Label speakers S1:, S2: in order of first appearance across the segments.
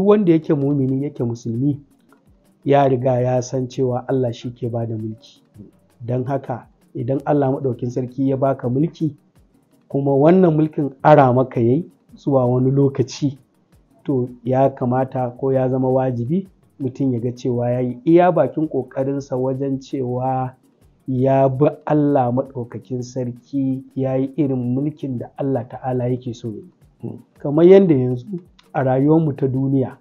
S1: duk wanda yake mumini yake musulmi ya riga ya san cewa Allah shi ke ba da mulki don haka idan Allah maɗaukin sarki ya baka mulki kuma wannan mulkin ara maka yayi zuwa wani lokaci to ya kamata ko ya zama wajibi mutum ya ga cewa ya yi iya bakin ƙoƙarinsa wajen cewa ya bi Allah maɗaukakin sarki ya yi irin mulkin da Allah ta'ala yake so yi. kamar yadda yanzu a rayuwar mu ta duniya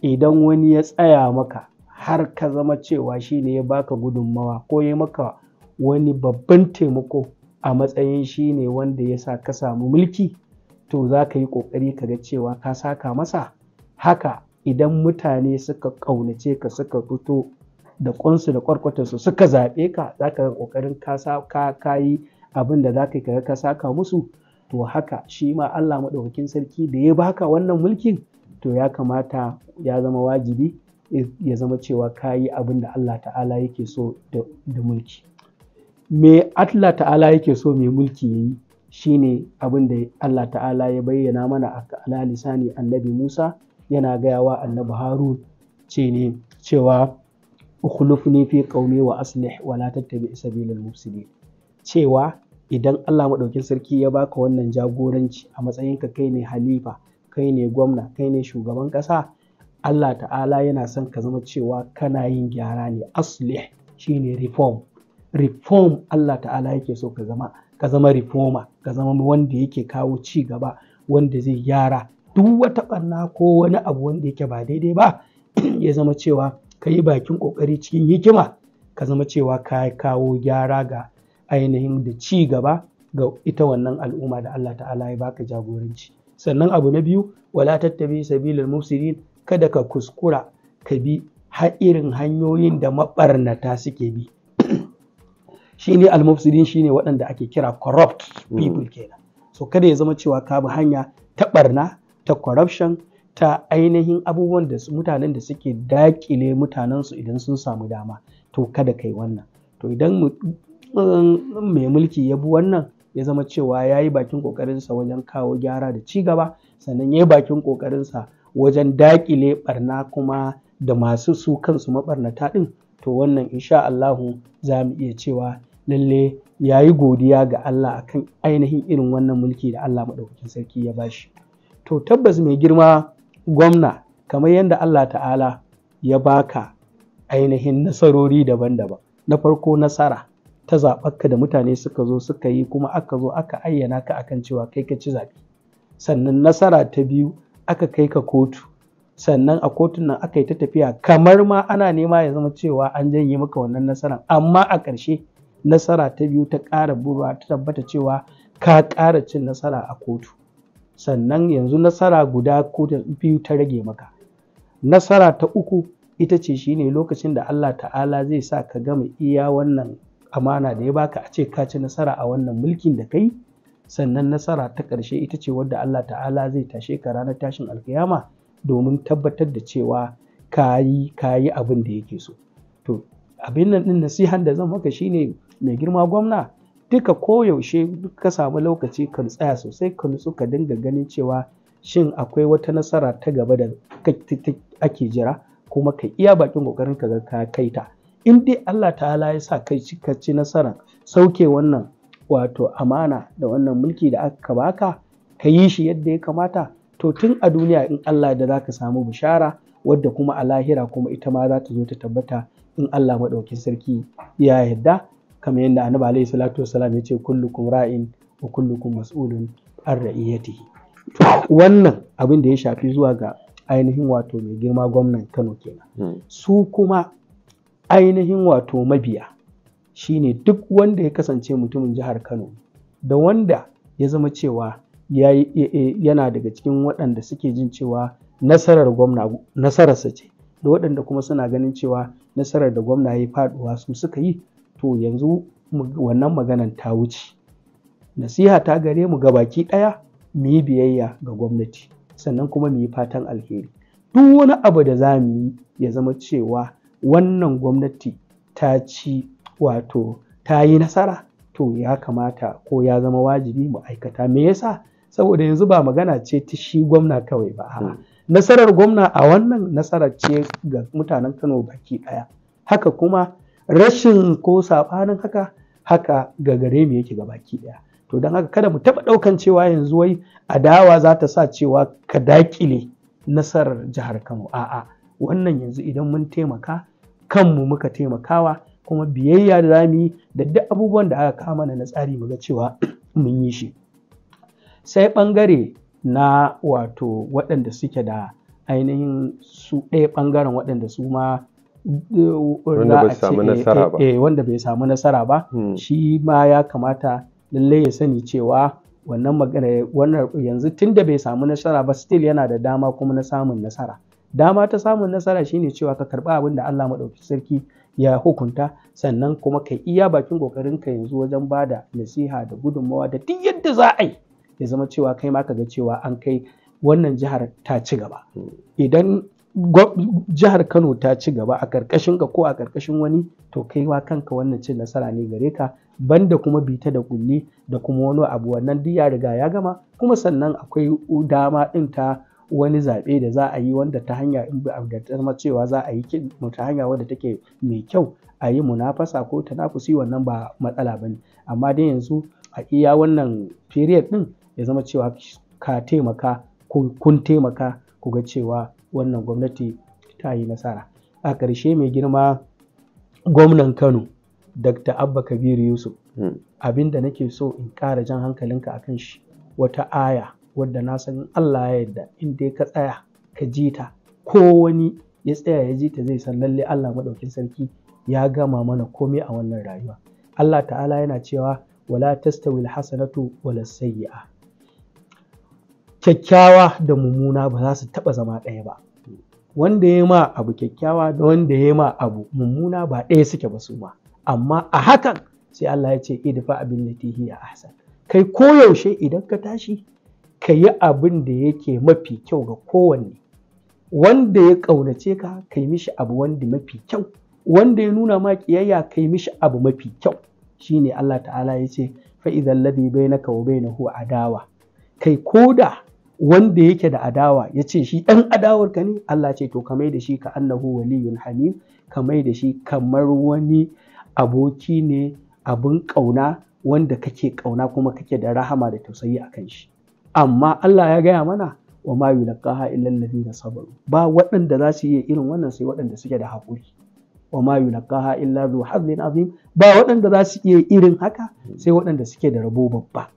S1: idan wani ya tsaya maka har ka zama cewa shi ne ya baka gudunmawa ko ya maka wani babban taimako a matsayin shi ne wanda ya sa ka samu mulki to za ka yi ƙoƙari ka ga cewa ka saka masa haka idan mutane suka ƙaunace ka suka fito da ƙwansu da su suka zaɓe ka za ka ga ƙoƙarin ka yi abin da za ka yi ka saka musu to haka shi ma Allah maɗaukakin sarki da ya baka wannan mulkin to ya kamata ya zama wajibi ya zama cewa ka yi abin da Allah ta'ala yake so da mulki me Allah ta'ala yake so mai mulki ya yi ne abin da Allah ta'ala ya bayyana mana a lisani annabi Musa yana gayawa annabi Harun ce ne cewa ukhlufni fi qaumi wa aslih wa la tattabi sabilal mufsidin cewa idan Allah maɗaukin sarki ya baka wannan jagoranci a matsayinka kai ne halifa kai ne gwamna kai ne shugaban ƙasa Allah ta'ala yana son ka zama cewa kana yin gyara ne aslih shine reform reform Allah ta'ala yake so ka zama ka zama reformer ka zama wanda yake kawo ci gaba wanda zai gyara duk wata ɓanna ko wani abu wanda yake ba daidai ba ya zama cewa ka yi bakin ƙoƙari cikin hikima ka zama cewa ka kawo gyara ga ainihin da ci gaba ga ita wannan al'umma da Allah ta'ala ya baka jagoranci sannan abu na biyu wala tattabi sabilul mufsidin kada ka kuskura ka bi har irin hanyoyin da mabarnata suke bi shine al-mufsidin shine waɗanda ake kira corrupt hmm. people kenan so kada ya zama cewa ka bi hanya ta barna ta corruption ta ainihin abubuwan da mutanen da suke dakile mutanensu idan sun samu dama to kada kai wannan to idan mai mulki ya bi wannan ya zama cewa ya yi bakin kokarinsa wajen kawo gyara da ci gaba sannan ya yi bakin kokarinsa wajen daƙile barna kuma da masu su kansu maɓarnata ɗin to wannan insha Allahu za mu iya cewa lalle ya yi godiya ga Allah akan ainihin irin wannan mulki da Allah madaukakin sarki ya bashi to tabbas mai girma gwamna kamar yadda Allah ta'ala ya baka ainihin nasarori daban-daban na farko nasara ta zaɓarka da mutane suka zo suka yi kuma aka zo aka ayyana ka akan cewa kai ka ci zaɓe sannan nasara ta biyu aka kai ka kotu sannan a kotun nan aka yi ta tafiya kamar ma ana nema ya zama cewa an janye maka wannan nasarar amma a ƙarshe nasara ta biyu ta ƙara burwa ta tabbata cewa ka ƙara cin nasara a kotu sannan yanzu nasara guda kotun biyu ta rage maka nasara ta uku ita ce shine lokacin da Allah ta'ala zai sa ka gama iya wannan amana da ya baka a ce ka ci nasara a wannan mulkin da kai sannan nasara ta ƙarshe ita ce wadda Allah ta'ala zai tashe ka ranar tashin alkiyama domin tabbatar da cewa ka yi ka yi abin da yake so to abin nan din nasihan da zan maka shine mai girma gwamna duka koyaushe ka samu lokaci ka tsaya sosai ka nutsu ka dinga ganin cewa shin akwai wata nasara ta gaba da ake jira kuma ka iya bakin kokarin ka ga ka kai ta in dai Allah Ta ya sa kai ka ci nasara sauke wannan wato amana da wannan mulki da aka baka ka yi shi yadda ya kamata to tun a duniya in Allah da za ka samu bishara wadda kuma a lahira kuma ita ma za ta zo ta tabbata in Allah maɗaukin sarki ya yarda kamar yadda annabi alaihi salatu wasalam ya ce kullukun ra'in wa kullukum mas'ulun an ra'iyatihi to wannan abin da ya shafi zuwa ga ainihin wato mai girma gwamnan Kano kenan hmm. su kuma ainihin wato mabiya shine duk wanda ya kasance mutumin jihar Kano da wanda ya zama cewa yana daga cikin waɗanda suke jin cewa nasarar gwamna nasararsa ce da waɗanda kuma suna ganin cewa nasarar da gwamna ya faɗuwa su suka yi to yanzu wannan maganan ta wuce nasiha ta gare mu gabaki ɗaya mu yi biyayya ga gwamnati sannan kuma mu yi fatan alheri duk wani abu da za mu yi ya zama cewa wannan gwamnati ta ci wato ta yi nasara to ya kamata ko ya zama wajibi mu aikata me yasa saboda yanzu ba magana ce ta shi gwamna kawai ba hmm. nasarar gwamna a wannan nasarar ce ga mutanen kano baki daya haka kuma rashin ko sabanin haka haka ga gare mu yake ga baki daya to don haka kada mu taɓa daukan cewa yanzu wai adawa za ta sa cewa ka dakile nasarar jihar kano a'a wannan yanzu idan mun taimaka kanmu muka taimakawa kuma biyayya da za yi da duk abubuwan da aka kama na tsari muga cewa mun yi shi sai ɓangare na wato waɗanda suke da ainihin su ɗaya ɓangaren waɗanda su ma eh, eh, eh, wanda bai samu nasara ba hmm. shi ma ya kamata lallai ya sani cewa wannan magana wannan yanzu tunda bai samu nasara ba still yana da dama kuma na samun nasara dama ta samun nasara shine cewa ka karɓi abin da Allah maɗauki sarki ya hukunta sannan kuma ka iya bakin kokarin ka yanzu wajen ba da nasiha da gudunmawa da duk yadda za a yi ya zama cewa kai ma ka ga cewa an kai wannan jihar ta ci gaba idan jihar Kano ta ci gaba a karkashin ka ko a karkashin wani to kai wa kanka wannan cin nasara ne gare ka banda kuma bita da kulli da kuma wani abu wannan duk ya riga ya gama kuma sannan akwai dama ɗin ta wani zaɓe da za a yi wanda ta hanya in ba da zama cewa za a yi ta hanya wanda take mai kyau a yi munafasa ko tanafusi wannan ba matsala ba ne amma dai yanzu a iya wannan period ɗin ya zama cewa ka taimaka ko kun taimaka ku ga cewa wannan gwamnati ta yi nasara a ƙarshe mai girma gwamnan kano dr abba kabiru yusuf hmm. abinda nake so in ƙara jan hankalinka akan shi wata aya wadda na san Allah ya yarda in dai ka tsaya ka ji ta ko wani ya tsaya ya ji ta zai san lalle Allah madaukin sarki ya gama mana komai a wannan rayuwa Allah ta'ala yana cewa wala tastawil hasanatu wala sayyi'a kyakkyawa da mumuna ba za su taba zama ɗaya ba wanda ya ma abu kyakkyawa da wanda ya ma abu mummuna ba ɗaya suke ba su ma amma a hakan sai Allah ya ce idfa abin latihi ya ahsan kai koyaushe idan ka tashi ka yi abin da yake mafi kyau ga kowanne wanda ya ƙaunace ka ka yi mishi abu wanda mafi kyau wanda ya nuna ma ƙiyayya ka yi mishi abu mafi kyau shine Allah ta'ala ya ce fa'izan ladhi bainaka wa bainahu adawa kai koda wanda yake da adawa ya ce shi ɗan adawar ka ne Allah ce to ka mai da shi ka annahu waliyun hamim ka mai da shi kamar wani aboki ne abin ƙauna wanda kake ƙauna kuma kake da rahama da tausayi a kan shi amma Allah ya gaya mana wa ma yulqaha illa alladhina sabaru ba waɗanda za su iya irin wannan sai waɗanda suke da haƙuri wa ma yulqaha illa zu hazin azim ba waɗanda za su iya irin haka sai waɗanda suke da rabo babba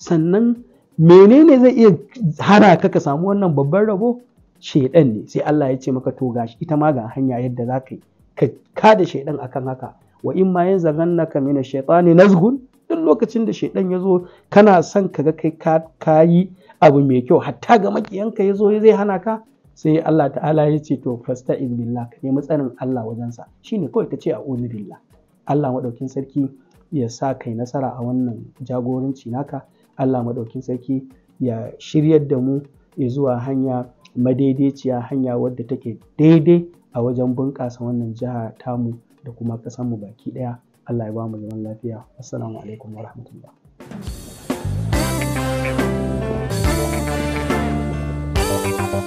S1: sannan menene zai iya hana ka ka samu wannan babban rabo shedan ne sai Allah ya ce maka to gashi ita ma ga hanya yadda za ka yi ka kada shedan akan haka wa in ma yanzaghannaka min ne shaytani nazgun? lokacin da shaidan ya zo kana son ka ga kai ka yi abu mai kyau hatta ga makiyanka ya zo zai hana ka sai Allah ta'ala ya ce to fasta in billah ka nemi tsarin Allah wajensa shine kawai ka ce a uzu billah Allah madaukin sarki ya sa kai nasara a wannan jagoranci naka Allah madaukin sarki ya shiryar da mu ya zuwa hanya madaidaiciya hanya wadda take daidai a wajen bunƙasa wannan jiha tamu da kuma ƙasarmu baki ɗaya Allah ya ba mu zaman lafiya assalamu alaikum wa rahmatullah thank you